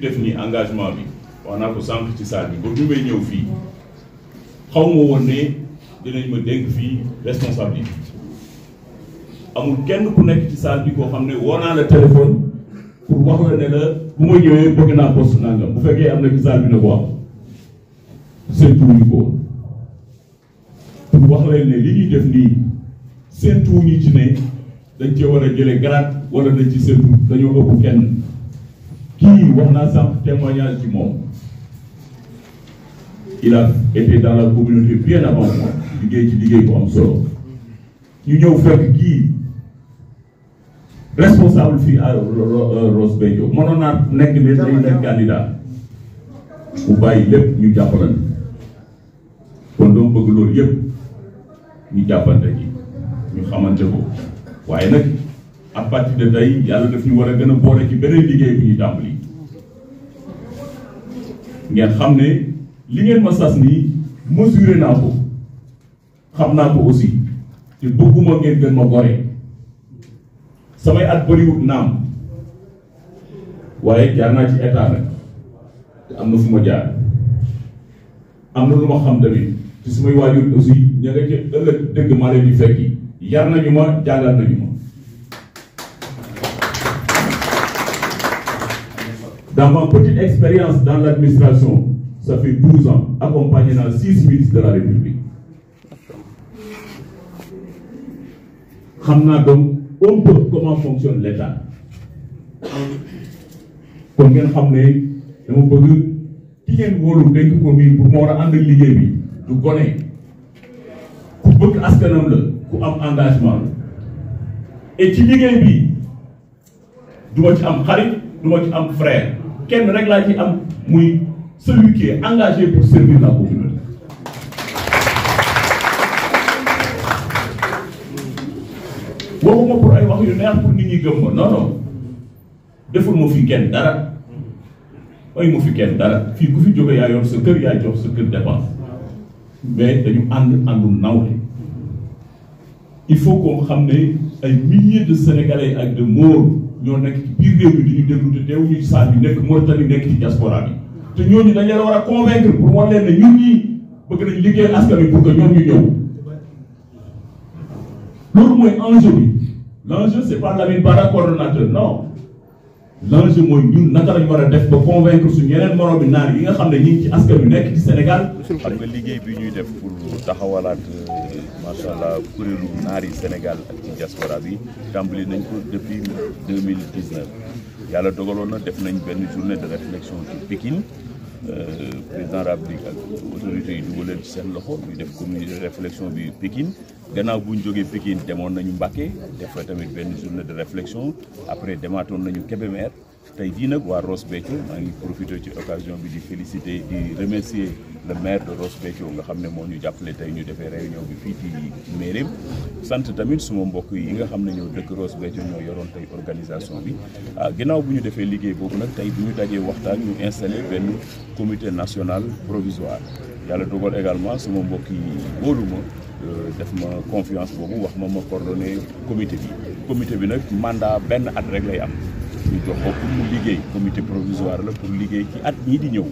def ni engagement bi wax naa ko sànq ci saal bi ba bi ñëw fii xaw ma woon ne dinañ ma dénk fii responsabilité amul kenn ku nekk ci saal bi koo xam ne woo naa la téléphone pour wax la ne la bu ma ñëwee bëgg naa poste nangam bu fekkee am na ci saal bi na ko am seentuwuñu ko pour wax leen ne li ñuy def nii seentuwuñu ci ne dañ cee war a jëlee grade wala dañ ci seentu dañoo ëpp kenn kii wax naa sànq témoignage ci moom il a été dans la communauté bien avant liggéey ci liggéey bu am ñu ñëw fekk kii responsable fii à euh, Ross Béthio mënoon naa nekk ne nekk candidat bu bàyyi lépp ñu jàppalante kon dama bëgg loolu yëpp ñu jàppante ji ñu xamante ko waaye nag à partir de tey yàlla daf ñu war a gën a boole ci beneen liggéey bu ñu tàmbali ngeen xam ne li ngeen ma sas nii mesuré naa ko xam naa ko aussi te bëgguma ngeen gën ma bore samay at bëriwut naam waaye jaar naa ci état nag te am na fu ma jaar am na lu ma xam tamit te sumay waajur aussi ña nga dëgg maa leen di fekki yar nañu ma jàngal nañu ma Dans ma petite expérience dans l'administration, ça fait 12 ans, accompagné dans 6 ministres de la xam naa donc un peu comment fonctionne l'État kon ngeen xam ne dama bëgg ki ngeen wóolu dénk ko nii pour moo war a liggéey bi du gone ku bëgg askanam la ku am engagement la ci liggéey bi du ma ci am xarit du ma ci am frère kenn rek laa ci am muy celui qui est engagé pour servir la waxuma pour ay wax yu neex pour nit ñi gëm ma non deful ma fi kenn dara ay ma fi kenn dara fii ku fi jóge yaa yor sa kër yaa jox sa kër dépense mais dañu ànd àndul nawle il faut qu'on xam ne ay milliers de sénégalais ak de Maures. ñoo nekk ci biir réew di ñu déglu te teew ñuy saal bi nekk Mauritanie nekk ci diaspora bi te ñooñu dañ leen war a convaincre pour wan leen ne ñun ñii bëgg nañ liggéeyal askan wi pour que ñoom ñu ñëw loolu mooy enjeu bi l' enjeu c' est pas Lamine Bara coordonnateur non l'enjeu mooy ñun naka lañu war a def ba convaincre suñu yeneen moroom bi naan yi nga xam ne ñi ngi ci askan wi nekk ci Sénégal. xam nga liggéey bi ñuy def pour taxawalaat macha allah kuréelu naar yi Sénégal ak ci diaspora bi tàmbali nañ ko depuis deux mille dix neuf yàlla dogaloon na def nañ benn journée de réflexion ci Pikine. Euh, président République ak autorités yi dugal seen loxo ñu def communauté de réflexion bi Pikine gannaaw bu ñu jógee Pikine demoon nañu Mbacké def fa tamit benn journée de réflexion après demaatoon nañu Kébémer tey jii nag waa Ross Béthio maa ngi profité ci occasion bi di féliciter di remercier le maire de Ross Béthio nga xam ne moo ñu jàppale tey ñu defee réunion bi fii ci mairie sant tamit suma mbokk yi nga xam ne ñoo dëkk Ross Béthio ñoo yoroon tey organisation bi ah ginnaaw bu ñu defee liggéey boobu nag tey bu ñu dajee waxtaan ñu installé benn comité national provisoire yàlla dogal également suma mbokk yi wóolu ma euh, def ma confiance boobu wax ma ma coordonné comité bi comité bi nag mandat benn at rek lay am ñu jox ko mu liggéey comité provisoire la pour liggéey ci at yii di ñëw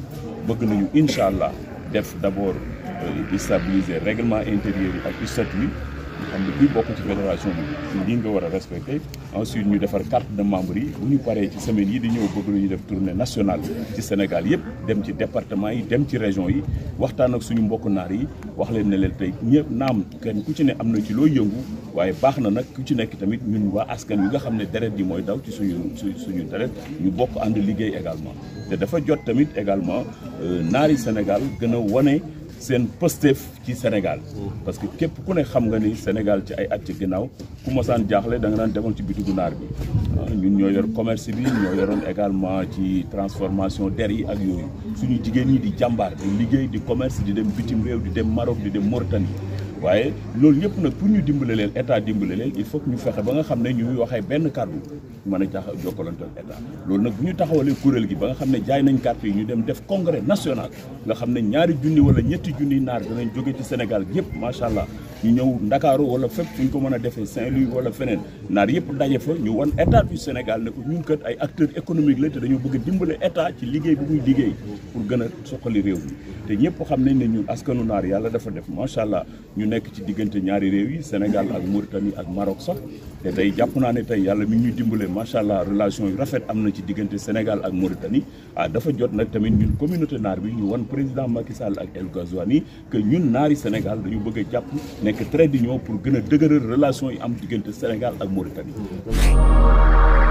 bëgg nañu incha allah def d' abord euh, stabiliser règlement intérieur yi ak statut xam ne kuy bokk ci fédération bi lii nga war a respecté ensuite ñu defar carte de membre yi bu ñu paree ci semaine yi di ñëw bëgg ñu def tournée nationale ci Sénégal yëpp dem ci département yi dem ci région yi waxtaan ak suñu mbokk naar yi wax leen ne leen tey ñëpp naam kenn ku ci ne am na ci loo yëngu waaye baax na nag ku ci nekk tamit ñu waa askan wi nga xam ne deret yi mooy daw ci suñu suñu deret ñu bokk ànd liggéey également te dafa jot tamit également euh, naari Sénégal gën a wane seen Pastef ci Sénégal parce que képp ku ne xam nga ni Sénégal ci ay at ci ginnaaw ku mosaan jaaxle danga daan demoon ci bitigu naar bi ah, ñun ñoo yor commerce bi ñoo yoroon également ci transformation der yi ak yooyu suñu jigéen ñi di jàmbaar di liggéey di commerce di dem bitim réew di dem Maroc di dem Mauritanie waaye loolu ñëpp nag pour ñu dimbale leen état dimbale leen il faut ñu fexe ba nga xam ne ñuy waxee benn kàddu mën a tax jokkalante loolu nag bu ñu taxawalee kuréel gi ba nga xam ne jaay nañ carte yi ñu dem def congrès national nga xam ne ñaari junni wala ñetti junni naar danañ jóge ci Sénégal yëpp macha allah ñu ñëw ndakaaru wala fépp fu ñu ko mën a defee Saint-Louis wala feneen naar yëpp daje ñu wan état du Sénégal ne ko ñun kat ay acteurs économique la te dañoo bëgg dimbale état ci liggéey bi muy liggéey pour gën a soxali réew mi te ñëpp xam nañ ne ñun askanu naar yàlla dafa def macha allah ñu nekk ci diggante ñaari réew yi Sénégal ak Mauritanie ak Maroc sax te tey jàpp naa ne tey yàlla mi ngi ñuy dimbale macha allah relation yu rafet am na ci diggante Sénégal ak Mauritanie ah dafa jot nag tamit ñun communauté bi wan président Macky Sall ak El Ghazouani ñun naari Sénégal dañu bëgg a jàpp nekk trait d'union pour gën a dëgëral relation yi am diggante Sénégal ak Mauritanie.